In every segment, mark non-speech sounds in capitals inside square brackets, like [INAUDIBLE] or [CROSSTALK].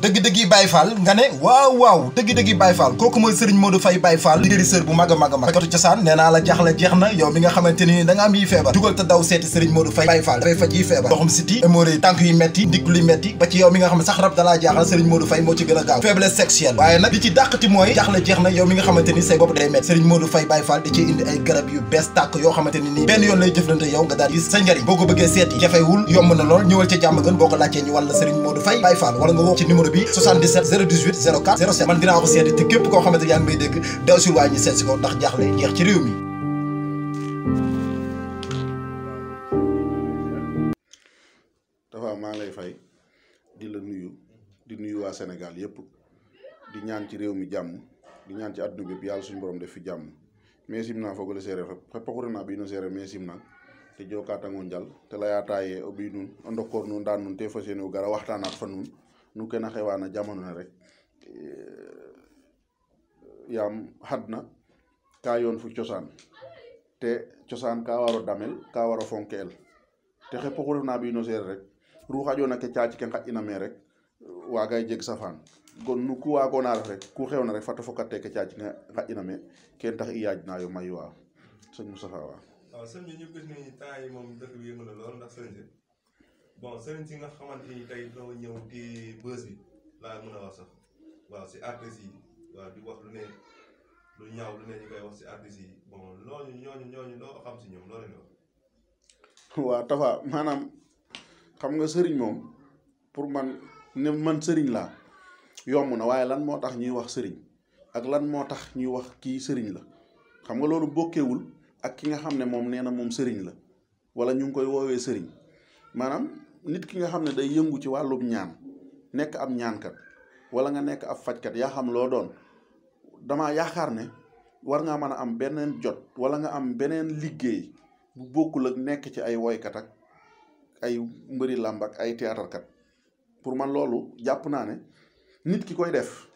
dëgg-dëgg yi Baye Fall nga ne waaw waaw dëgg-dëgg yi Baye Fall kooku mooy Serigne a jeex na nga xamante ni da nga am moo ci gën a gaaw faiblesse sexuelle ci na yow mi nga xamante ni say bopp indi ay garab yu bees tàkk yoo xamante ni nii benn yoon lay jëflante yow nga daal gis sa njariñ boo ko bëggee seeti jafewul yomb na lool ñëwal ca jàmm gën boo ko laajtee ñu wàll Serigne Modou Faye Baye Fall wala nga woo ci numéro numéro bi 77 018 04 07 man dinaa ko seeti te képp koo xamante yaa ngi may dégg daw si waa ñu seet ko ndax jaaxle jeex ci réew mi dafa maa lay fay di la nuyu di nuyu waa Sénégal yëpp di ñaan ci réew mi jàmm di ñaan ci àdduna bi yàlla suñu borom def fi jàmm mais sim naa foogale seere fa pokure naa bi no seere mais sim naa te jokaatango njal te layaataye o ɓiy nun ndokor nun daan nun te fo gara waxtaanaat fa nun nu kene xewana jamano rek eh, yaam xadna ka yoon fu cosaan te cosaan ka waro damel ka waro fonkeel te xep oxu refna mbino seereer rek ru xaƴona ke caac ke xaƴ'ina me rek waagay jeg safaan gon nu ku waagoona ref rek ku xewna rek fata fokate ke caac ke xaƴ'ina me ken tax i yaaj nayo mayu waa sëñ Moustapha waa bon sëriñ si nga xamante ni tey doo ñëw di bës bi laa mën a wax sax waaw si artistes yi waaw di wax lu ne lu ñaaw lu ne ñu koy wax si artistes yi bon looñu ñooñu ñooñu loo xam ñoom loo leen maanaam xam nga sëriñ moom pour man ne man sëriñ laa yomb na waaye lan moo tax ñuy wax sëriñ ak lan moo tax ñuy wax kii sëriñ la xam nga loolu bokkewul ak ki nga xam ne moom nee na moom sëriñ la wala ñu ngi koy woowee sëriñ maanaam. nit ki nga xam ne day yëngu ci wàllum ñaan nekk ab ñaankat wala nga nekk ab fajkat yaa xam loo doon damaa yaakaar ne war ngaa mën a am beneen jot wala nga am beneen liggéey bu bokkul ak nekk ci ay woykat ak ay mbëri làmbak ay théâtre kat pour man loolu jàpp naa ne nit ki koy def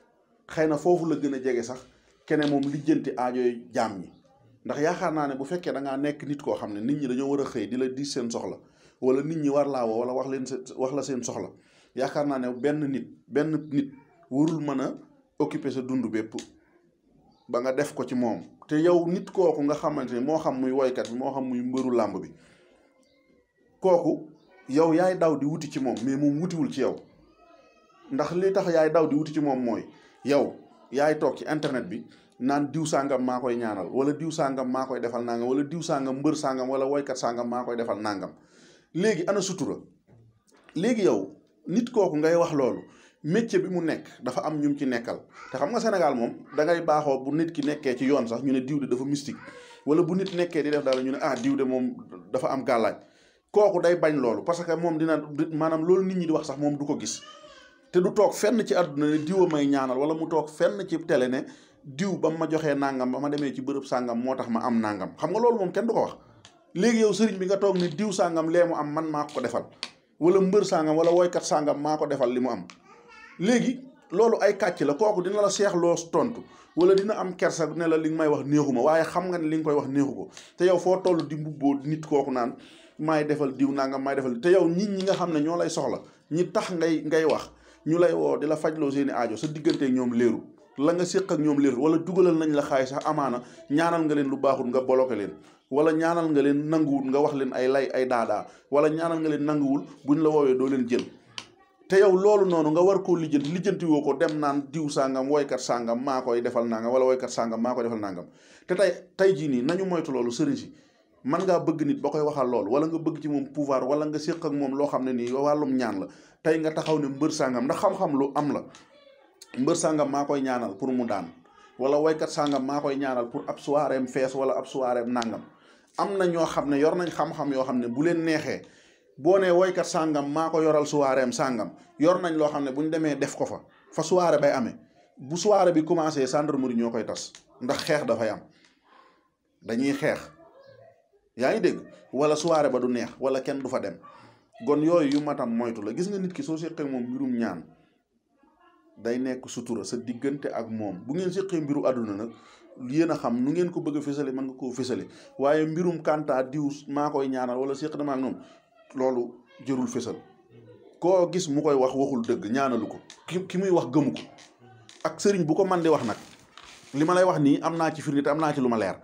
xëy na foofu la gën a jege sax kene moom lijjanti aajooy jaam yi ndax yaakaar naa ne bu fekkee da ngaa nekk nit koo xam ne nit ñi dañoo war a xëy di la di seen soxla wala nit ñi war laa wala wax leen wax la seen soxla yaakaar naa ne benn nit benn nit warul mën a occuper sa dund bépp ba nga def ko ci moom te yow nit kooku nga xamante ne moo xam muy woykat moo xam muy mbëru làmb bi kooku yow yaay daw di wuti ci moom mais moom wutiwul ci yow ndax li tax yaay daw di wuti ci moom mooy yow yaay toog ci internet bi naan diw sàngam maa koy ñaanal wala diw sàngam maa koy defal nangam wala diw sàngam mbër sàngam wala woykat sàngam maa koy defal nangam léegi ana sutura léegi yow nit kooku ngay wax loolu métier bi mu nekk dafa am ñum ci nekkal te xam nga Sénégal moom dangay baaxoo bu nit ki nekkee ci yoon sax ñu ne diw de dafa mystique wala bu nit nekkee di def daal ñu ne ah diw de moom dafa am gàllaaj kooku day bañ loolu parce que moom dina maanaam loolu nit ñi di wax sax moom du ko gis te du toog fenn ci àdduna ne diwa may ñaanal wala mu toog fenn ci télé ne diw ba ma joxee nangam ba ma demee ci bërëb sàngam moo tax ma am nangam nga loolu moom kenn du ko wax. léegi yow sëriñ bi nga toog ni diw sàngam lee mu am man maa ko defal wala mbër sàngam wala woykat sàngam maa ko defal li mu am léegi loolu ay kàcc la kooku dina la seexloo tontu wala dina am kersa ne la li nga may wax néexu ma waaye xam nga ne li nga koy wax néexu ko te yow foo toll di mbubboo nit kooku naan maay defal diw nangam maay defal te yow nit ñi nga xam ne ñoo lay soxla ñi tax ngay ngay wax ñu lay woo di la faj loo seeni aajo sa digganteeg ñoom léeru la nga séq ak ñoom liir wala dugalal nañ la xaay sax amaana ñaanal nga leen lu baaxul nga bloqué leen wala ñaanal nga leen nanguwul nga wax leen ay lay ay daadaa wala ñaanal nga leen nanguwul ñu la woowee doo leen jël te yow loolu noonu nga war ko lijjanti lijjanti woo ko dem naan diw sàngam woykat sàngam maa koy defal nangam wala woykat sàngam maa koy defal nangam te tey tey jii nii nañu moytu loolu sëriñ si man ngaa bëgg nit ba koy waxal lool wala nga bëgg ci moom pouvoir wala nga séq ak moom loo xam ne nii wàllum ñaan la tey nga taxaw ne mbër sàngam ndax xam am la mbër sàngam maa koy ñaanal pour mu daan wala woykat sàngam maa koy ñaanal pour ab soiréem fees wala ab soiréem nàngam am na ñoo xam ne yor nañ xam-xam yoo xam ne bu leen neexee boo nee woykat sàngam maa ko yoral soiréem sàngam yor nañ loo xam ne bu ñu demee def ko fa fa soirée bay amee bu soirée bi commencé gendarmerie ñoo koy tas ndax xeex dafay am dañuy xeex yaa ngi dégg wala soirée ba du neex wala kenn du fa dem gon yooyu yu matam moytu la gis nga nit ki soo seqee moom mbirum ñaan day nekk sutura sa diggante ak moom bu ngeen séqee mbiru àdduna nag yéen a xam nu ngeen ko bëgg a fësale mën nga koo fësale waaye mbirum kanta diw maa koy ñaanal wala séq dama ak moom loolu jërul fësal koo gis mu koy wax waxul dëgg ñaanalu ko ki ki muy wax gëmu ko ak sëriñ bu ko man di wax nag li ma lay wax nii am naa ci firnde te am naa ci lu ma leer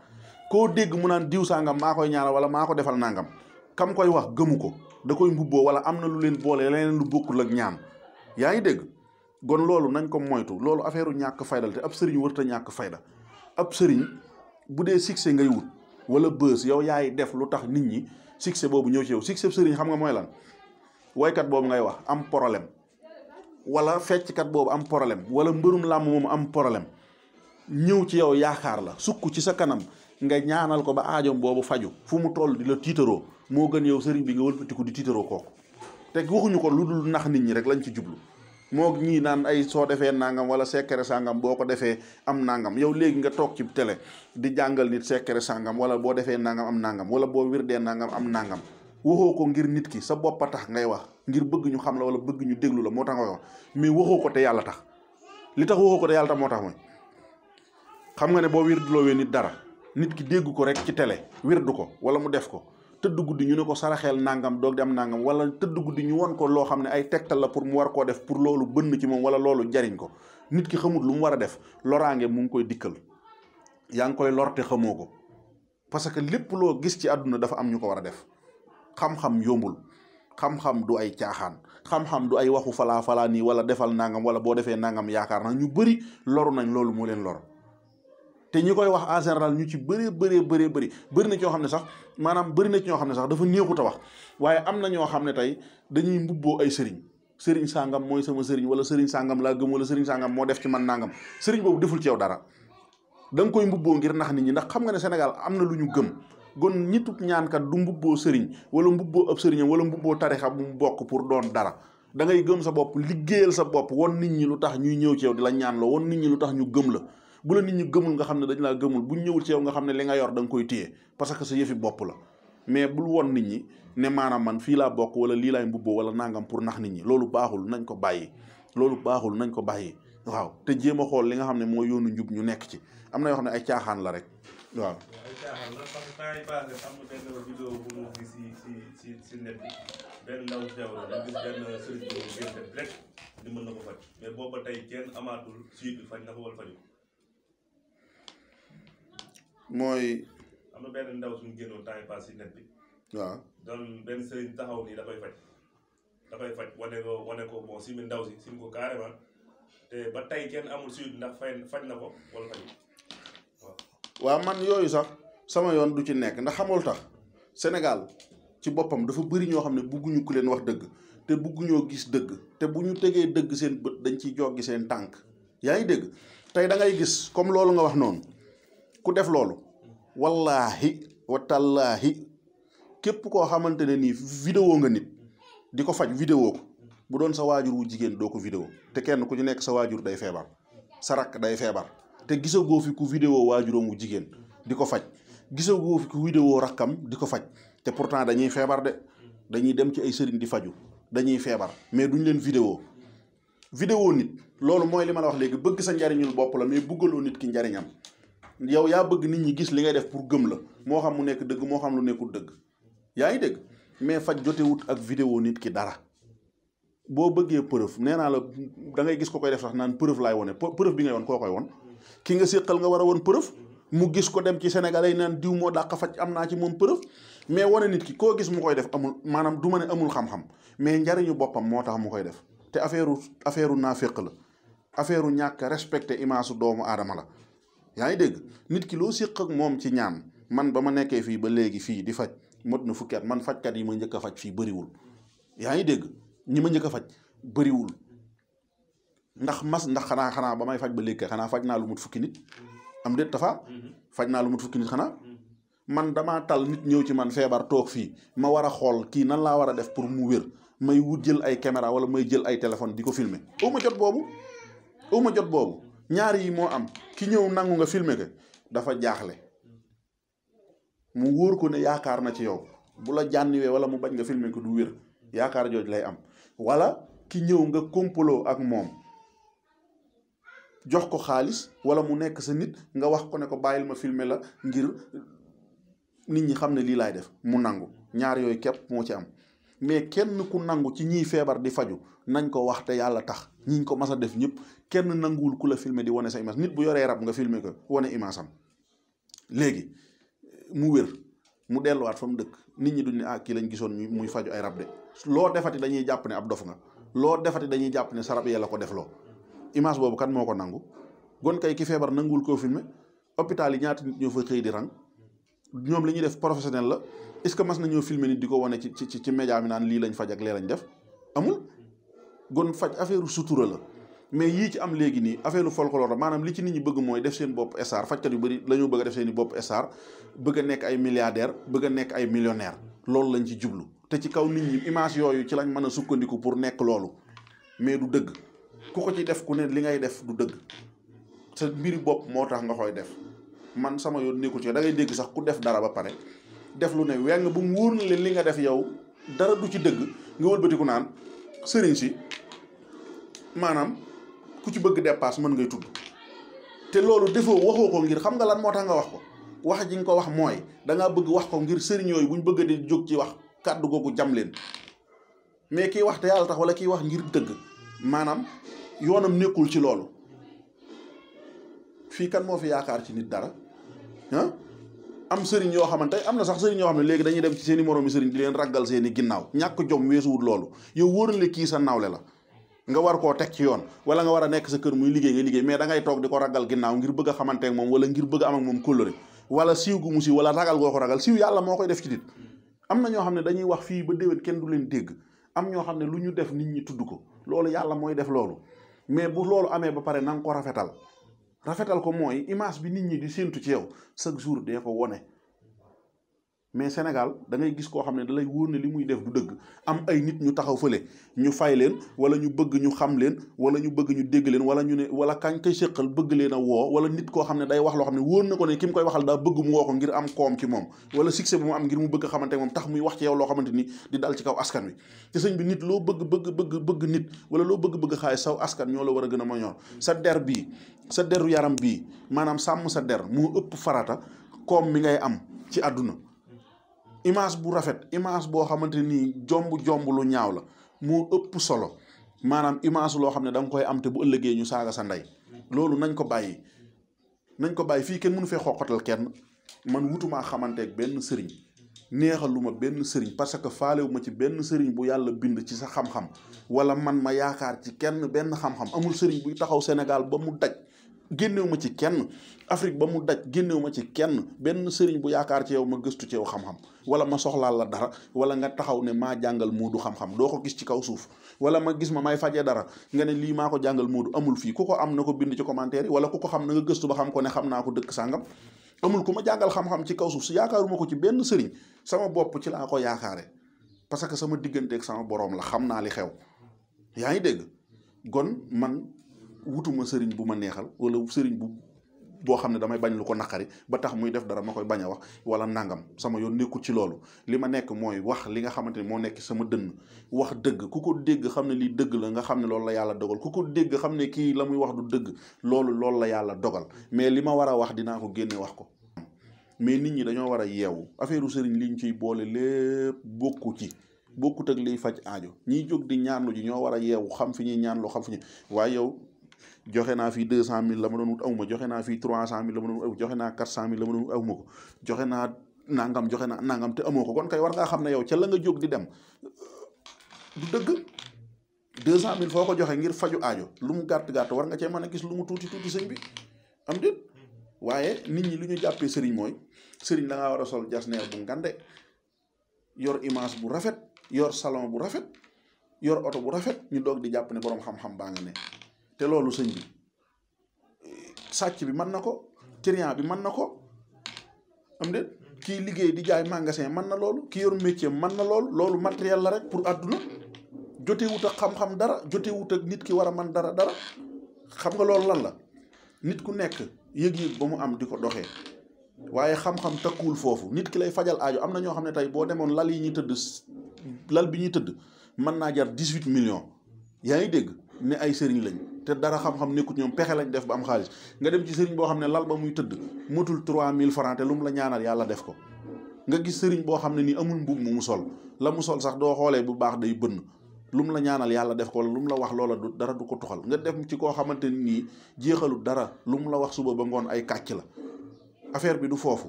koo dégg mu naan diw sangam maa koy ñaanal wala maa ko defal nangam kam koy wax gëmu ko da koy mbubboo wala am na lu leen boole leneen lu bokkul ak ñaan yaa ngi dégg gon lolu nañ ko moytu lolu affaireu ñak fayda te ab serigne wurtu ñak fayda ab serigne bu succès ngay wut wala beus yow yaay def lu tax nit ñi succès bobu ñëw ci yow succès serigne xam nga moy lan kat bobu ngay wax am problème wala kat bobu am problème wala mbeurum lamb mom am problème ñew ci yow yaakar la sukku ci sa kanam nga ñaanal ko ba aajom bobu faju fu mu toll di la titero mo gën yow serigne bi nga wëlbatiku di titero kooku te waxuñu ko lu nax nit ñi rek lañ ci jublu moo ñii naan ay soo defee nangam wala secret sangam boo ko defee am nangam yow léegi nga toog ci télé di jàngal nit secret sangam wala boo defee nangam am nangam wala boo wirdee nangam am nangam waxoo ko ngir nit ki sa bopp a tax ngay wax ngir bëgg ñu xam la wala bëgg ñu déglu la moo tax nga wax ko te yàlla tax li tax waxoo ko te yàlla tax moo tax mooy xam nga ne boo wirduloowee nit dara nit ki dégg ko rek ci tele wirdu ko wala mu def ko tëdd guddi ñu ne ko saraxeel nangam doog dem nangam wala tëdd guddi ñu won ko loo xam ne ay tegtal la pour mu war koo def pour loolu bënn ci moom wala loolu jariñ ko nit ki xamut lu mu war a def loraange mu ngi koy dikkal yaa ngi koy lorte xamoo ko parce que lépp loo gis ci àdduna dafa am ñu ko war a def xam-xam yombul xam-xam du ay caaxaan xam-xam du ay waxu falaa falaa nii wala defal nangam wala boo defee nangam yaakaar na ñu bëri loru nañ loolu moo leen lor te ñi koy wax en général ñu ci bëree bëree bëree bëri bëri na ci ñoo xam ne sax maanaam bëri na ci ñoo xam ne sax dafa néexut a wax waaye am na ñoo xam ne tey dañuy mbubboo ay sëriñ sëriñ sàngam mooy sama sëriñ wala sëriñ sàngam laa gëm wala sëriñ sàngam moo def ci man nangam sëriñ boobu deful ci yow dara da nga koy mbubboo ngir nax nit ñi ndax xam nga ne Sénégal am na lu ñu gëm gon ñitub ñaankat du mbubboo sëriñ wala mbubboo ab sëriñam wala mbubboo tarixa bu mu bokk pour doon dara da ngay gëm sa bopp liggéeyal sa bopp won nit ñi lu tax ñuy ñëw ci yow di la ñaan loo won nit ñi lu tax ñu gëm la bu la nit ñi gëmul nga xam ne dañ laa gëmul bu ñëwul ci yow nga xam ne li nga yor da nga koy téye parce que sa yëfi bopp la mais bul won nit ñi ne maanaam man fii laa bokk wala lii laay mbubboo wala nangam pour nax nit ñi loolu baaxul nañ ko bàyyi loolu baaxul nañ ko bàyyi waaw te jéem a xool li nga xam ne mooy yoonu njub ñu nekk ci am na yoo xam ne ay caaxaan la rek waaw. ay caaxaan la parce que temps yii si si da mooy. am na benn ndaw suñu génnoon temps yi si net bi. waaw doon benn sëriñ taxaw nii dafay faj. dafay faj wane ko wane ko bon simi ndaw si simi ko carrément te ba tey kenn amul suite ndax fay faj na ko wala faj waaw. man yooyu sax sama yoon du ci nekk ndax xamul tax Sénégal ci boppam dafa bëri ñoo xam ne bugguñu ku leen wax dëgg te bugguñoo gis dëgg te bu ñu tegee dëgg seen bët dañ ciy joggi seen tànk yaa ngi dégg tey da gis comme loolu nga wax noonu. ku def loolu wallahi watallahi képp koo xamante video nii nga nit di ko faj vidéo ko bu doon sa waajur wu jigéen doo ko te kenn ku ci nekk sa waajur day feebar sa day febar. te gisagoo fi ku video waajuram wu jigéen di ko faj go fi ku vidéo rakam di ko faj te pourtant dañuy feebar de dañuy dem ci ay sëriñ di faju dañuy feebar mais duñ leen video vidéo nit loolu mooy li ma la wax léegi bëgg sa njariñul bopp la mais nit ki yow yaa bëgg nit ñi gis li ngay def pour gëm la moo xam mu nekk dëgg moo xam lu nekkul dëgg yaa ngi dégg mais faj jotewut ak vidéo nit ki dara boo bëggee preuve nee naa la da gis ko koy def sax naan preuve laay wone preuve bi ngay woon koo koy won ki nga séqal nga war a woon preuve mu gis ko dem ci Sénégalais yi naan diw moo dàq faj am naa ci moom preuve mais wane nit ki koo gis mu koy def amul maanaam du ma ne amul xam-xam mais njariñu boppam moo tax mu koy def te affaire affaire naaféq la affaire ñàkk respecté image doomu aadama la yaa ngi dégg nit ki loo séq ak moom ci ñaam man ba ma nekkee fii ba léegi fii di faj mot na fukki at man fajkat yi ma njëkk faj fii bëriwul yaa ngi dégg ñi ma njëkk a faj bariwul ndax mas ndax xanaa xanaa ba may faj ba léegi xanaa faj naa lu mut fukki nit am déet tafa faj naa lu mut fukki nit xanaa man dama tal nit ñëw ci man feebar toog fii ma war a xool kii nan laa war a def pour mu wér may wut jël ay caméra wala may jël ay téléphone di ko filmer aw jot boobu aw ma jot boobu ñaar yi moo am ki ñëw nangu nga filmer ko dafa jaaxle mu wóor ko ne yaakaar na ci yow bu la jànniwee wala mu bañ nga filmer ko du wér yaakaar jooj lay am wala ki ñëw nga kompaloo ak moom jox ko xaalis wala mu nekk sa nit nga wax ko ne ko bàyyil ma filmer la ngir nit ñi xam ne lii laay def mu nangu ñaar yooyu képp moo ci am mais kenn ku nangu ci ñiy feebar di faju nañ ko wax te yàlla tax ñi ko massa def ñep kenn nangul kula filmer di woné sa image nit bu yoré rap nga filmer ko woné image am légui mu wër mu déllu wat fam dëkk nit ñi duñ ni ah ki lañu gisoon muy faju ay rap de loo defati dañuy japp né ab dof nga loo defati dañuy jàpp ne sarab yalla ko def loo image bobu kan moko nangu gon kay ki fébar nangul ko filmer hôpital yi ñaat nit ñoo fa xey di rang ñom li def professionnel la est ce que mas nañu filmer nit di ko wane ci ci ci média mi naan li lañ faj ak lé lañ def amul gon faj affaire sutura la mais yi ci am legui ni affaire folklore manam li ci nit ñi bëgg moy def seen bop essar fajkat yu bari lañu bëgg def seen bop sr bëgg nek ay milliardaire bëgg nek ay millionnaire lool lañ ci jublu te ci kaw nit ñi image yoyu ci lañ mëna sukkandiku pour nek loolu mais du deug ku ko ci def ku ne li ngay def du deug sa mbiri bop motax nga koy def man sama yoon neeku ci da ngay deg sax ku def dara ba pare def lu ne weng bu mu wóor li nga def yow dara du ci deug nga ku naan si manam ku ci bëgg dépasse mën ngay tudd te loolu défo waxo ko ngir xam nga lan motax nga wax ko wax ji ko wax da nga bëgg wax ko ngir sëriñ yoy buñ bëgg di jog ci wax kaddu gogu jam leen mais ki wax té yalla tax wala ki wax ngir dëgg manam yoonam nekkul ci loolu kan fi kan mo fi yaakar ci nit dara ah am sëriñ yo xamante am na sax sëriñ yo xam ne dañuy dem ci seen morom di leen raggal seen ginnaw ñak jom weesuwut loolu yow na sa nawle la nga war koo teg ci yoon wala nga war a nekk sa kër muy liggéey nga liggéey mais da ngay toog di ko ragal ginnaaw ngir bëgg a xamante moom wala ngir bëgg a am wala siiw gu wala ragal goo ko ragal siiw yàlla moo def ci am na ñoo xam ne dañuy wax fii ba déwén kenn du leen dégg am ñoo xam ne lu ñu def nit ñi tudd ko loolu yàlla mooy def loolu mais bu loolu amee ba pare na nga ko rafetal rafetal ko mooy image bi nit ñi di séentu ci yow chaque jour dee ko wone mais Sénégal da gis koo xam ne da wóor ne li muy def du dëgg am ay nit ñu taxaw fële ñu fay leen wala ñu bëgg ñu xam leen wala ñu bëgg ñu dégg leen wala ñu ne wala kañ koy séqal bëgg leen a woo wala nit koo xam ne day wax loo xam ne wóor na ko ne ki mu koy waxal daa bëgg mu am koom ci moom wala succès bi mu am ngir mu bëgg xamante moom tax muy wax ci yow loo xamante di dal ci kaw askan wi te sëñ bi nit loo bëgg bëgg bëgg bëgg nit wala loo bëgg bëgg xaalis saw askan ñoo la war a gën a ma sa der bii sa deru yaram bii maanaam sàmm sa der moo ëpp farata koom mi ngay am ci àdduna image bu rafet image boo xamante ni jomb-jomb lu ñaaw la moo ëpp solo maanaam image loo xam ne danga koy am te bu ëllëgee ñu saaga sa ndey loolu nañ ko bàyyi nañ ko bàyyi fii kenn mënu fee xoqatal kenn man wutumaa xamanteeg benn sëriñ neexalu ma benn sëriñ parce que faalewu ma ci benn sëriñ bu yàlla bind ci sa xam-xam wala man ma yaakaar ci kenn benn xam-xam amul sëriñ buy taxaw Sénégal ba mu daj génnewuma ci kenn Afrique ba mu daj génnewuma ci kenn benn sëriñ bu yaakaar ci yow ma gëstu ci yow xam-xam wala ma soxlaal la dara wala nga taxaw ne maa jàngal muudu xam doo ko gis ci kaw suuf wala ma gis ma may fajee dara nga lii maa ko jàngal muudu amul fii ku ko am na ko bind ci commentaire yi wala ku ko xam na nga gëstu ba xam ko ne xam naa ko dëkk sàngam amul ku ma jàngal xam-xam ci kaw suuf si yaakaaruma ko ci benn sëriñ sama bopp ci laa ko yaakaare parce que sama digganteeg sama boroom la xam naa li xew yaa ngi dégg kon man wutuma sëriñ bu ma neexal wala sëriñ bu boo xam ne damay bañ lu ko naqari ba tax muy def dara ma koy bañ a wax wala nangam sama yoon nekkul ci loolu li ma nekk mooy wax li nga xamante ne moo nekk sama dënn wax dëgg ku ko dégg xam ne lii dëgg la nga xam ne loolu la yàlla dogal ku dégg xam ne kii la muy wax du dëgg loolu loolu la yàlla dogal mais li ma war a wax dinaa ko génne wax ko mais nit ñi dañoo war a yeewu affaire sëriñ liñ ciy boole lépp bokku ci bokkut ak liy faj aajo ñiy jóg di ñaanlu ji ñoo war a yeewu xam fi ñuy ñaanlu xam fi ñu waaye yow joxe naa fi deux cent mille la ma doon wut awma joxe naa fii trois cent mille la ma doon wut joxe naa quatre joxe naa nangam joxe naa nangam te amoo ko kon kay war ngaa xam ne yow ca la nga jóg di dem du dëgg deux cent mille foo ko joxe ngir faju aajo lu mu gàtt gàtt war nga cee mën a gis lumu mu tuuti tuuti sëñ bi am déet waaye nit ñi lu ñu jàppee sëriñ mooy sëriñ la ngaa war a sol jasneer bu ngande yor image bu rafet yor salon bu rafet yor oto bu rafet ñu doog di jàpp ne boroom xam-xam baa nga ne te loolu sëñ bi sàcc bi mën na ko client bi mën na ko am de kii liggéey di jaay magasin mën na loolu ki yor métier mën na loolu loolu matériel la rek pour àdduna jotewut ak xam-xam dara jotewut ak nit ki war a mën dara dara xam nga loolu lan la nit ku nekk yëg-yëg ba mu am di ko doxee waaye xam-xam takkuwul foofu nit ki lay fajal aajo am na ñoo xam ne tey boo demoon lal yi ñuy tëdd lal bi ñuy tëdd mën naa jar dix-huit million yaa ngi dégg ne ay sëriñ lañ te dara xam-xam nekkut ñoom pexe lañ def ba am xaalis nga dem ci sëriñ boo xam ne lal ba muy tëdd mutul 3000 francs te lum la ñaanal yàlla def ko nga gis sëriñ boo xam ne ni amul mbub mu mu sol la mu sol sax doo xoolee bu baax day bënn lum la ñaanal yàlla def ko lum la wax loola du dara du ko tuxal nga def ci koo xamante ni nii dara lum la wax suba ba ngoon ay kàcc la affaire bi du foofu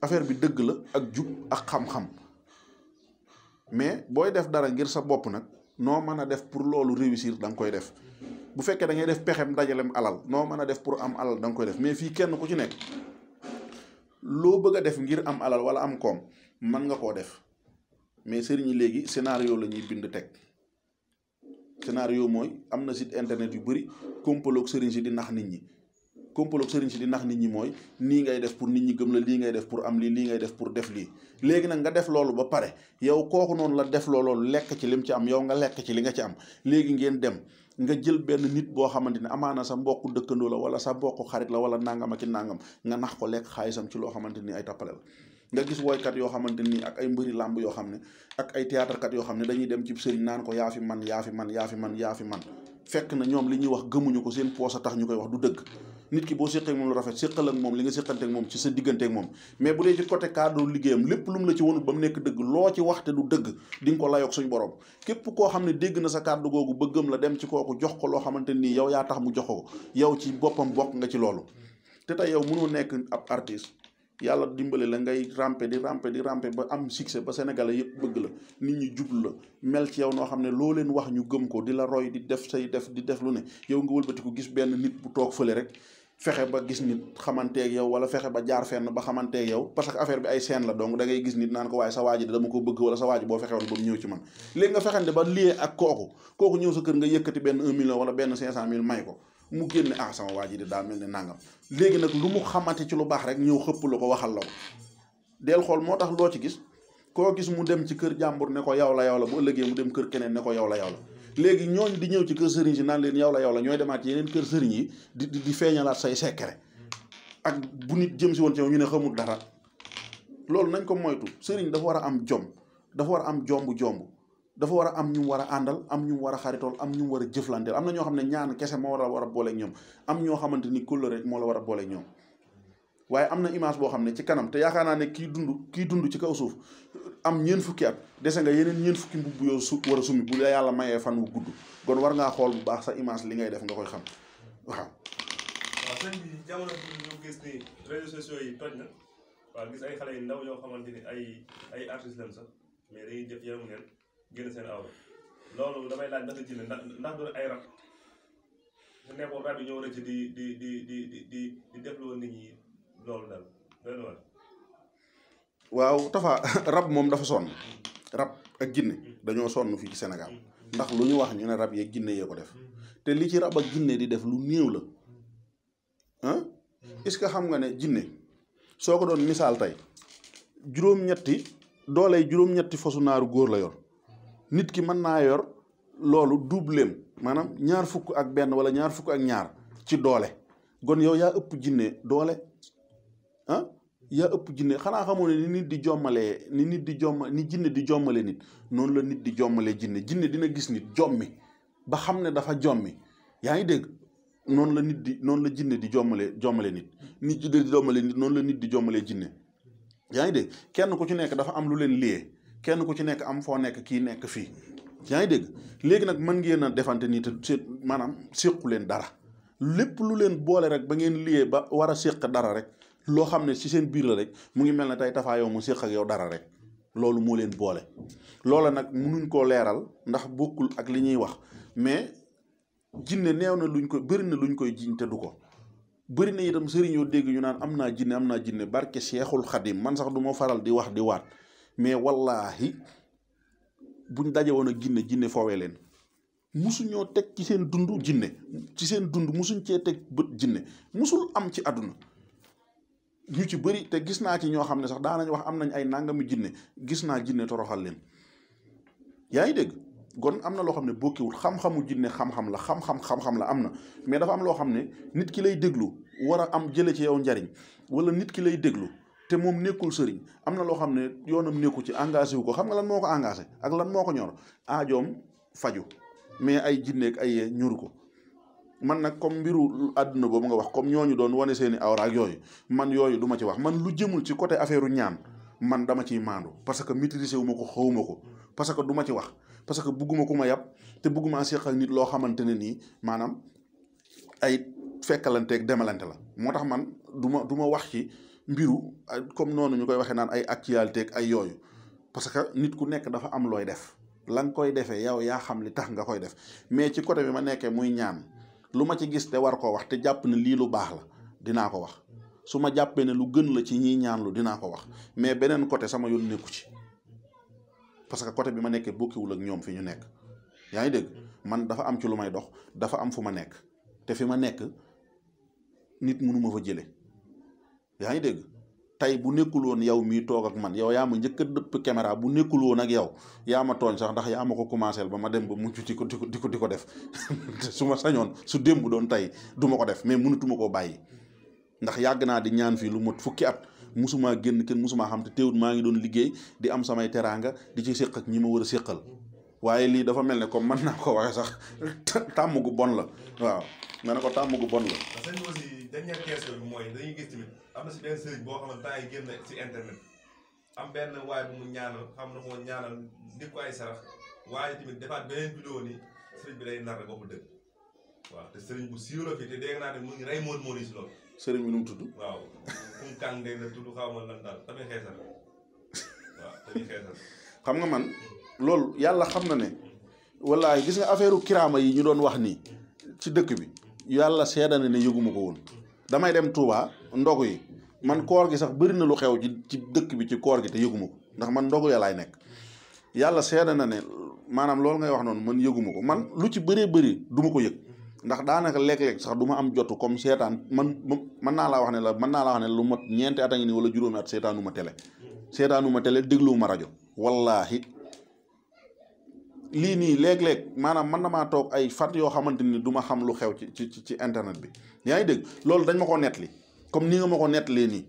affaire bi dëgg la ak jub ak xam-xam mais booy def dara ngir sa bopp nag noo mën a def pour loolu réussir da nga koy def bu fekkee dangay ngay def pexem dajalem alal noo mën a def pour am alal da koy def mais ku ci nekk bëgg a def ngir am alal wala am koom mën nga koo def mais sëriñ léegi scénario la ñuy bind teg scénario mooy am na site internet yu bëri kompaloog sëriñ di nax nit ñi kompaloog sëriñ si nax nit ñi mooy nii ngay def pour nit ñi gëm la lii ngay def pour am lii lii ngay def pour def lii léegi nag nga def loolu ba pare yow kooku noonu la def loolu lekk ci lim ci am yow nga lekk ci li nga ci am léegi ngeen dem nga jël benn nit boo xamante ne amaana sa mbokku dëkkandoo la wala sa mbokku xarit la wala nangam ak i nangam nga nax ko lekk xaalisam ci loo xamante ni ay tappale la nga gis woykat yoo xamante ni ak ay mbëri làmb yoo xam ne ak ay théâtre kat yoo xam ne dañuy dem ci sëriñ naan ko yaa fi man yaa fi man yaa fi man yaa fi man fekk na ñoom li ñuy wax gëmuñu ko seen poos a tax ñu koy wax du dëkk nit ki boo séqee moom lu rafet séqal ak moom li nga séqanteeg moom ci sa digganteeg moom mais bu dee ci côté cadre liggéeyam lépp lu la ci wonul ba mu nekk dëgg loo ci waxte du dëgg di nga ko layoog suñ borom képp koo xam ne dégg na sa kàddu googu bëggam la dem ci kooku jox ko loo xamante nii yow yaa tax mu jox ko yow ci boppam bokk nga ci loolu te tey yow mënoo nekk ab artiste yàlla dimbale la ngay rampe di rampe di rampe ba am succès ba sénégalais yëpp bëgg la nit ñi jublu la mel yow noo xam ne loo leen wax ñu gëm ko di la roy di def say def di def ne yow nga wëlbatiku gis benn nit bu toog fële rek fexe ba gis nit xamanteeg yow wala fexe ba jaar fenn ba xamanteeg yow parce que affaire bi ay seen la donc dangay gis nit naan ko waaye sa waa ji dama ko bëgg wala sa waa boo fexewoon ba mu ñëw ci man léegi nga fexante ba lié ak kooku kooku ñëw sa kër nga yëkkati benn un million wala benn cinq cent mille may ko mu génne ah sama waa ji di daa mel ne nangam léegi nag lu mu xamante ci lu baax rek ñëw xëpp la ko waxal la ko del xool moo tax loo ci gis koo gis mu dem ci kër jàmbur ne ko yow la yow la bu ëllëgee mu dem kër keneen ne ko yow yow la léegi ñooñ di ñëw ci kër sëriñ si naan leen yow la yow la ñooy demaat yeneen kër sëriñ yi di di feeñalaat say secret mm. ak bu nit jëm si woon ci ñu ne xamul dara loolu nañ ko moytu sëriñ dafa war a am jom dafa war a am jomb-jomb dafa war a am ñu war a àndal am ñu war a xaritool am ñu war a jëflanteel am na ñoo xam ne ñaan kese moo war a war a boole ñoom am ñoo xamante ni kóllëre rek moo la war a booleeg ñoom waaye am na image boo xam ne ci kanam te yaakaar naa ne kii dundu kii dund ci kaw suuf am ñeen fukki at dese nga yeneen ñeen fukki mbubb yoo su war a sumi bu la yàlla mayee fan wu gudd kon war ngaa xool bu baax sa image li ngay def nga koy xam waaw. waaw sëñ bi jamono gis ni yi toj na waaw ay xale yu ndaw yoo xamante ni ay ay artistes lañ mais dañuy jëf yaramu neen génn seen aw loolu damay laaj ndax jëlee ndax ndax doon ay rab su nekkoon rab ñoo war a ci di di di di di di def loolu nit ñi. loolu daal benn waaw Tafa [LAUGHS] rab moom dafa sonn rab ak jinne dañoo sonn fii ci Sénégal ndax lu ñu wax ñu ne rab yeeg jinne yee ko def te li ci rab ak jinne di def lu néew la ah ce que xam nga ne jinne soo ko doon misaal tey juróom-ñetti dooley juróom naaru góor la yor nit ki mën naa yor loolu duub duubleem maanaam ñaar fukk ak benn wala ñaar fukk ak ñaar ci doole kon yow yaa ëpp jinne doole ah yaa ëpp jinne xanaa xamoo ne ni nit di jommalee ni nit di jomma ni jinne di jommale nit noonu la nit di jommalee jinne jinne dina gis nit jommi ba xam ne dafa jommi yaa ngi dégg noonu la nit di noonu la jinne di jommale jommale nit nit di jommale nit noonu la nit di jommalee jinne yaa ngi dégg kenn ku ci nekk dafa am lu leen liyee kenn ku ci nekk am foo nekk kii nekk fii yaa ngi dégg léegi nag mën ngeen a defante nii te maanaam séqu leen dara lépp lu leen boole rek ba ngeen liyee ba war a séq dara rek loo xam ne ci seen biir la rek mu ngi mel ne tey Tapha yow mu séq ak yow dara rek loolu moo leen boole loola nag mënuñ koo leeral ndax bokkul ak li ñuy wax mais jinne neew na luñ ko bëri na luñ koy jiñ te du ko bëri na itam sëriñ yoo dégg ñu naan am naa jinne am naa jinne barke Seexul Xadim man sax du faral di wax di waat mais wallaahi buñ daje woon ak jinne jinne foowee leen musuñoo teg ci seen dund jinne ci seen dund musuñ cee teg bët jinne musul am ci àdduna ñu ci bëri te gis naa ci ñoo xam ne sax daanañ wax am nañ ay nangami jinne gis naa jinne toroxal leen yaa ngi dégg kon am na loo xam ne bokkiwul xam-xamu jinne xam la xam-xam la am na mais dafa am loo xam ne nit ki lay déglu war a am jële ci yow njariñ wala nit ki lay déglu te moom nekkul sëriñ am na loo xam ne yoonam nekku ci engagé wu ko xam nga lan moo ko engagé ak lan moo ko ñor aajoom faju mais ay jinneeg ay yee ko man nag comme mbiru àdduna boobu nga wax comme ñooñu doon wane seeni awra ak yooyu man yooyu du ma ci wax man lu jëmul ci côté affaire ñaan man dama ciy maandu parce que maîtriser wu ma ko xawuma ko parce que du ma ci wax parce que bugguma ku ma yàpp te bugguma seqal nit loo xamante ne nii maanaam ay fekkalanteeg demalante la moo tax man du ma du ma wax ci mbiru comme noonu ñu koy waxee naan ay actualité ak ay yooyu parce que nit ku nekk dafa am looy def lan koy defee yow yaa xam li tax nga koy def mais ci côté bi ma nekkee muy ñaan lu ma ci gis te war koo wax te jàpp ne lii lu baax la dinaa ko wax su ma jàppee ne lu gën la ci ñiy ñaan lu dinaa ko wax mais beneen côté sama yoon nekku ci parce que côté bi ma nekkee kiwul ak ñoom fi ñu nekk yaa ngi dégg man dafa am ci lu may dox dafa am fu ma nekk te fi ma nekk nit mënu ma fa jële yaa ngi dégg tey bu nekkul woon yow mii toog ak man yow yaa ma njëkk a dëpp caméra bu nekkul woon ak yow yaa ma tooñ sax ndax yaa ma ko commencé ba ma dem ba mucc di ko di ko di ko di ko def [LAUGHS] su ma sañoon su bu doon tey duma ko def mais mënatuma koo bàyyi ndax yàgg naa di ñaan fii lu mot fukki at musumaa génn kenn musumaa xam te teewut maa ngi doon liggéey di am samay teraanga di ci séq ak ñi ma war a séqal waaye lii dafa mel ne comme man naa ko waxee sax tàmm gu bon la waaw nga ne ko tàmm gu bon la. sëñ gis tamit am na sëriñ boo xam ne temps yi génn si internet benn waaye bu mu ñaanal xam na ay sarax waaye defaat beneen vidéo ni sëriñ sëriñ bu siiw la fi te dégg naa ne mu ngi rey moon moon yi si loolu. sëriñ bi nu mu tudd. waaw kum kàng de la tudd xaw ma lan daal tamit [LAUGHS] xeesal xam nga man. Hmm. loolu yàlla xam na ne wallaay gis nga affaire kiraama yi ñu doon wax nii ci dëkk bi yàlla seeda na ne yëguma ko woon damay dem Touba ndogu yi man koor gi sax bëri na lu xew ci ci dëkk bi ci koor gi te yëguma ko ndax man ndogu ya laay nekk yàlla seeda na ne maanaam loolu ngay wax noonu man yëguma ko man lu ci bëree bëri duma ko yëg ndax daanaka léeg-léeg sax du ma am jotu comme seetaan man mën naa laa wax ne la mën naa la wax ne lu mot ñeenti at a ngi nii wala juróomi at seetaanuma télé seetaanuma télé dégluwuma rajo lii nii léeg-léeg maanaam mën na maa toog ay fan yoo xamante ni duma xam lu xew ci ci ci internet bi yaa ngi dégg loolu dañ ma ko nettali comme ni nga ma ko nettalee nii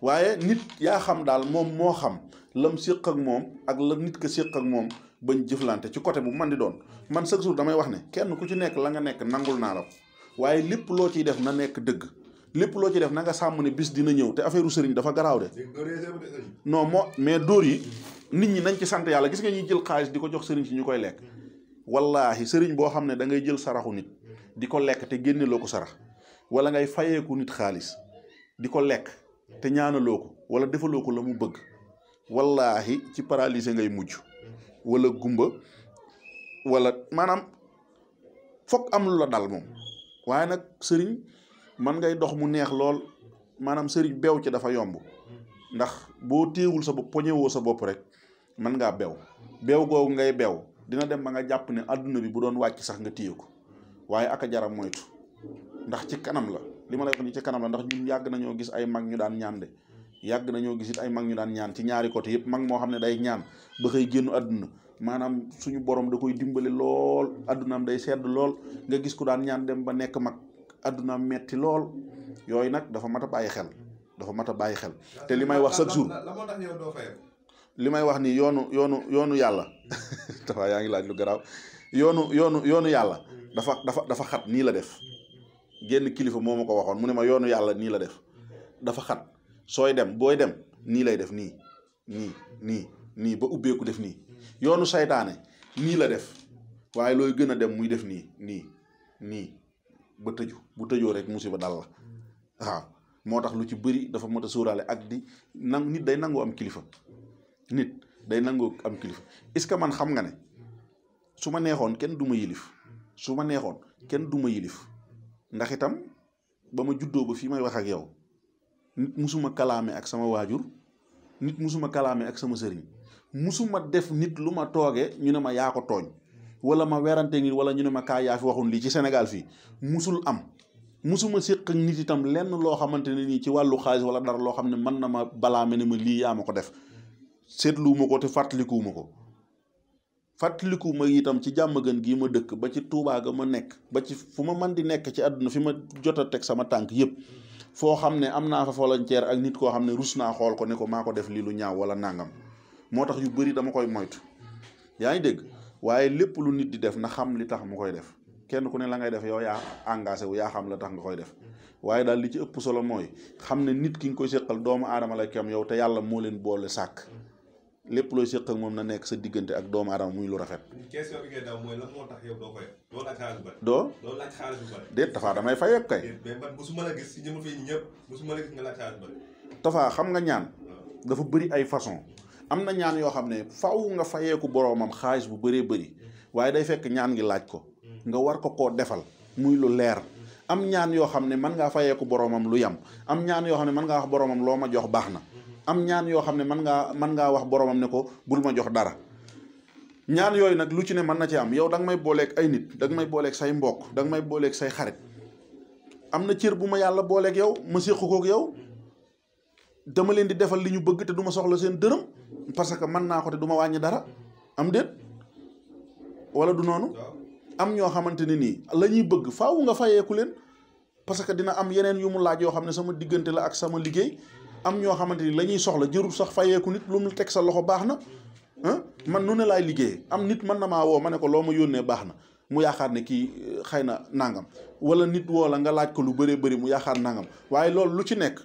waaye nit yaa xam daal moom moo xam lam séq ak moom ak la nit ka séq ak moom bañ jëflante ci côté bu man di doon man chaque jour damay wax ne kenn ku ci nekk la nga nekk nangul naa la ko waaye lépp loo ciy def na nekk dëgg lépp loo ciy def na nga sàmm ne bis dina ñëw te affaire u sëriñ dafa garaaw de non moo mais dóor yi nit ñi nañ ci sant yàlla gis nga ñuy jël xaalis di ko jox sëriñ si ñu koy lekk wallahi sëriñ boo xam ne da ngay jël saraxu nit di ko lekk te génne loo ko sarax wala ngay fayeeku nit xaalis di ko lekk te ñaanaloo ko wala defaloo ko la mu bëgg wallahi ci paralysé ngay mujj wala gumba wala manam, fokk am lu la dal moom waaye nag sëriñ man ngay dox mu neex lool maanaam sëriñ beew ci dafa yomb ndax boo téewul sa bopp poñewoo sa bopp rek man nga bew bew gog ngay bew dina dem ba nga japp ne aduna bi bu doon wacc sax nga téye ko aka jaram moytu ndax ci kanam la lima lay wax ci kanam la ndax ñun yag nañu gis ay mag ñu daan ñaan de yag nañu gis ay mag ñu daan ñaan ci ñaari côté yëpp mag mo xam day ñaan ba xey gennu aduna manam suñu borom da koy dimbali aduna am day sedd lol nga gis ku daan ñaan dem ba nek mag aduna metti lol yoy nak dafa mata baye xel dafa mata baye xel te limay wax chaque jour. li may wax ni yoonu yoonu yoonu yàlla mm. [LAUGHS] dafa yaa ngi laaj lu yoonu yoonu yoonu yàlla mm. dafa dafa dafa xat nii la def mm. génn kilifa moo ma ko waxoon mu ne ma yoonu yàlla nii la def dafa xat sooy dem booy dem nii lay def nii nii nii nii ba ubbeeku def nii yoonu saytaane nii la def waaye looy gën a dem muy def nii nii nii ba tëju bu tëjoo rek musiba dal la waaw moo tax lu ci bëri dafa mot a sóoraale ak di nang nit day nangu am kilifa nit day nangoo am kilifa est-ce que man xam nga ne su ma neexoon kenn du ma yilif su ma neexoon kenn du ma yilif ndax itam ba ma juddoo ba fii may wax ak yow nit musuma kalaame ak sama waajur nit musuma kalaame ak sama sëriñ musuma def nit lu ma toogee ñu ne ma yaa ko tooñ wala ma werante nit wala ñu ne ma kaa yaa fi waxun lii ci Sénégal fii musul am musuma siq ak nit itam lenn loo xamante ne nii ci wàllu xaalis wala dara loo xam ne mën na ma balaame ne ma lii yaa ma ko def seetluwuma ko te fàttalikuwuma ko fàttaliku ma itam ci jàmm gën gii ma dëkk ba ci Tuubaa ga ma nekk ba ci fu ma man di nekk ci àdduna fi ma jot a teg sama tànk yëpp foo xam ne am naa fa volontaire ak nit koo xam ne rus naa xool ko ne ko maa ko def lii lu ñaaw wala nangam moo tax yu bëri dama koy moytu yaa ngi dégg waaye lépp lu nit di def na xam li tax mu koy def kenn ku ne la ngay def yow yaa engagé wu yaa xam la tax nga koy def waaye daal li ci ëpp solo mooy xam ne nit ki nga koy séqal doomu aadama la yow te yàlla moo leen boole sàkk lepp loy sekk ak mom na nek sa digënté ak doom adam muy lu rafet. question bi ngay daw mooy lan moo yow doo koy doo laaj xaalis bu bari doo doo laaj xaalis bu bëri. déet Tafa damay fay ak kay. mais man suma la gis ci ñëpp fii ñëpp suma la gis nga la xaar bu bari Tafa xam nga ñaan. dafa bëri ay façon am ñaan yo xam faaw nga fayeeku boromam xaaliss bu bëré bëri waye day fekk ñaan gi laaj ko. Mm. nga war ko ko defal muy lu leer. Mm. am ñaan yo xam man nga fayé fayeeku boromam lu yam am ñaan yo xam man nga wax boromam loo ma jox baxna am ñaan yoo xam ne mën ngaa mën ngaa wax boromam ne ko bul ma jox dara ñaan yooyu nag lu ci ne mën na ci am yow da nga may booleeg ay nit danga nga may booleeg say mbokk da may booleeg say xarit am na cër bu ma yàlla booleeg yow ma séqu koog yow dama leen di defal li ñu bëgg te du ma soxla seen dërëm parce que mën naa ko te du ma wàññi dara am déet wala du noonu. am ñoo xamante ne nii la ñuy bëgg faaw nga fayeeku leen parce que dina am yeneen yu mu laaj yoo xam ne sama diggante la ak sama liggéey. am ñoo xamante ni la soxla jërul sax fayeeku nit lu mu teg sa loxo baax na man nu ne laay liggéeyee am nit mën na maa woo ma ne ko loo ma yónnee baax na mu yaakaar ne kii eh, xëy na nangam wala nit woo la nga laaj ko lu bëree bëri mu yaakaar nangam waaye loolu lu ci nekk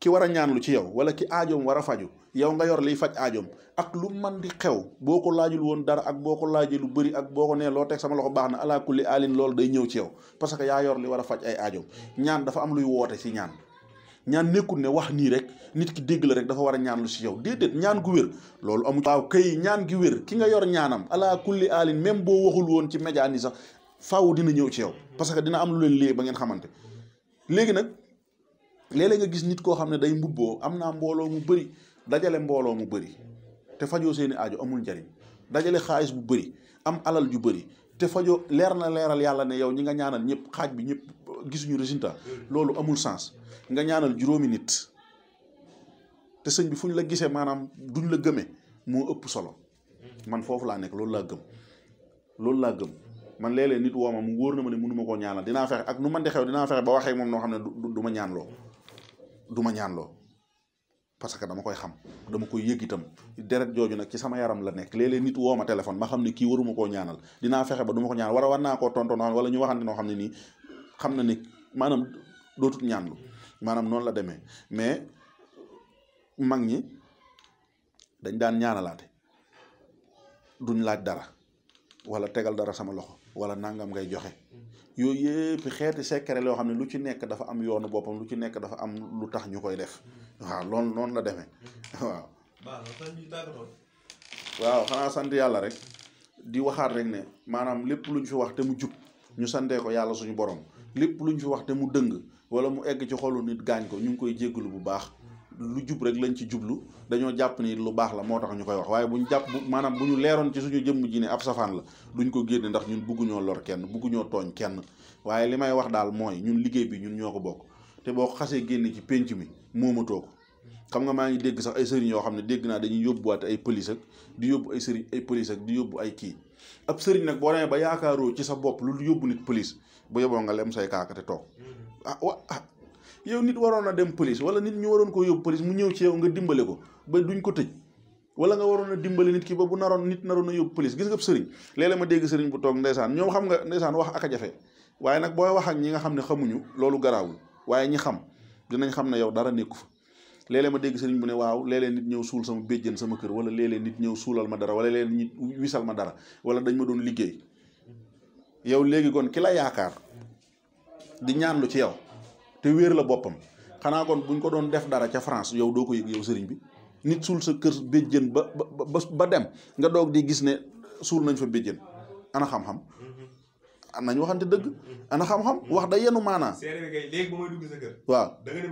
ki war a ñaan lu ci yow wala ki aajoom war a faju yow nga yor liy faj aajoom ak lu man di xew boo ko laajul woon dara ak boo ko laajee lu bari ak boo ko nee loo teg sama loxo baax na alaakulli aalin loolu day ñëw ci yow parce que yaa yor war a faj ay aajoom ñaan dafa am luy woote ci ñaan. ñaan nekkul ne wax nii rek nit ki dégg la rek dafa war a ñaan lu si yow déedéet ñaan gu wér loolu amu waaw kay ñaan gi wér ki nga yor ñaanam ala kulli alin même boo waxul woon ci média ni sax faaw dina ñëw ci yow parce que dina am lu leen lii ba ngeen xamante léegi nag léeg nga gis nit koo xam ne day mbubboo am naa mbooloo mu bëri dajale mbooloo mu bëri te fajoo seeni aajo amul njariñ dajale xaalis bu bëri am alal ju bëri te fajoo leer na leeral yàlla ne yow ñi nga ñaanal ñëpp xaaj bi ñëpp gisuñu résultat loolu amul sens nga ñaanal juróomi nit te sëñ bi fu ñu la gisee maanaam duñ la gëmee moo ëpp solo man foofu laa nekk loolu laa gëm loolu laa gëm man léeg-léeg nit woo ma mu wóor na ma ne mënu ma koo ñaanal dinaa fexe ak nu man di dinaa fexe ba waxee moom noo xam ne du ma ñaan du ma ñaan loo parce que dama koy xam dama koy yëg itam deret jooju nag ci la nekk léeg-léeg nit woo ma téléphone ma xam ne kii waruma koo ñaanal fexe ba du ma ko ñaanal war a war naa koo tontu wala ñu waxante noo xam ne nii xam na ne maanaam dootut ñaanlu maanaam noonu la demee mais mag ñi dañ daan ñaanalaate duñ laaj dara wala tegal dara sama loxo wala nangam ngay joxe yooyu yëpp xeeti secret la yoo xam ne lu ci nekk dafa am yoonu boppam lu ci nekk dafa am lu tax ñu koy def waaw loolu noonu la demee [LAUGHS] waaw. waaw xanaa sant yàlla rek di waxaat rek ne maanaam lépp luñ fi wax te mu jub ñu santee ko yàlla suñu borom. lépp lu ñu fi wax te mu dëng wala mu egg ci xolu nit gaañ ko ñu ngi koy jéggalu bu baax lu jub rek lañ ci jublu dañoo jàpp ni lu baax la moo tax ñu koy wax waaye bu ñu jàpp maanaam bu ñu leeroon ci suñu jëmm ji ne ab safaan la duñ ko génne ndax ñun bugguñoo lor kenn bugguñoo tooñ kenn waaye li may wax daal mooy ñun liggéey bi ñun ñoo ko bokk te boo xasee génne ci pénc mi moomatoo ko xam nga maa ngi dégg sax ay sëriñ yoo xam ne dégg naa dañuy yóbbuwaate ay pëlis ak yóbbu ay sëriñ ay di yóbbu ay kii ab sëriñ nag boo demee ba yaakaaroo ci sa bopp lu yóbbu nit police bu yóbboo nga lem say kaaka te toog mm-hmm. ah wa ah yow nit waroon a dem police wala nit ñu waroon koo yóbbu police mu ñëw ci yow nga dimbale ko ba duñ ko tëj wala nga waroon a dimbale nit ki ba bu naroon nit naroon a yóbbu police gis nga sëriñ léeg-léeg ma dégg sëriñ bu toog ndeysaan ñoom xam nga ndeysaan wax ak a jafe waaye nag booy wax ak ñi nga xam ne xamuñu loolu garaawul waaye ñi xam dinañ xam ne yow dara nekku fa léeg-léeg ma dégg sëriñ bu ne waaw léeg-léeg nit ñëw suul sama béjjën sama kër wala léeg-léeg nit ñëw suulal ma dara wala léeg-léeg nit wisal ma dara wala dañ ma doon liggéey yow léegi kon ki la yaakaar di ñaan lu ci yow te wéer la boppam xanaa kon buñ ko doon def dara ca France yow doo ko yëg yow sëriñ bi nit suul sa kër béjjën ba ba ba dem nga doog di gis ne suul nañ fa béjjën ana xam-xam am nañu waxante dëgg. Mm-hmm. ana xam-xam mm-hmm. wax da yenu maanaa. seere léegi ba may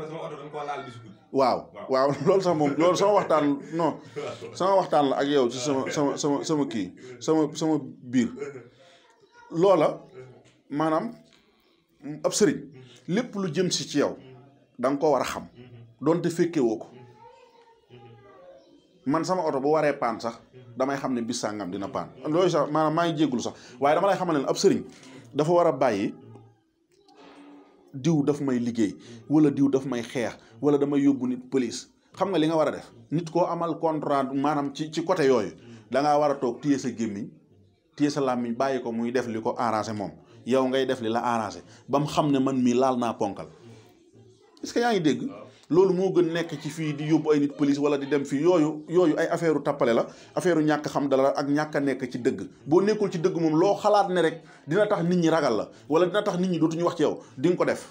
waaw da waaw waaw [LAUGHS] loolu sax moom loolu sama waxtaan non [LAUGHS] sama waxtaan la ak yow si sama sama sama sama kii sama sama biir loola mm-hmm. maanaam ab lépp lu jëm si ci yow danga ko koo war a xam donte fekkee woo ko. man sama oto bu waree paan sax damay xam ne bis sàngam dina paan loolu sax maanaam maa ngi jéggulu sax waaye dama lay xamal ne ab sëriñ dafa war a bàyyi diw dafa may liggéey wala diw dafa may xeex wala damay yóbbu nit police xam nga li nga war a def nit koo amal contrat maanaam ci ci côté yooyu dangaa war a toog téye sa gémmiñ téye sa làmmiñ bàyyi ko muy def li ko arrangé moom yow ngay def li la arrangé ba mu xam ne man mii laal naa ponkal est yaa ngi dégg loolu moo gën nekk ci fii di yóbbu ay nit police wala di dem fii yooyu yooyu ay affaire u tappale la affaire u ñàkk xam dara ak ñàkk nekk ci dëgg boo nekkul ci dëgg moom loo xalaat ne rek dina tax nit ñi ragal la wala dina tax nit ñi dootuñu wax ci yow di nga ko def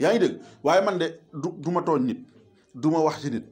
yaa ngi dégg waaye man de du duma ma tooñ nit duma wax ci nit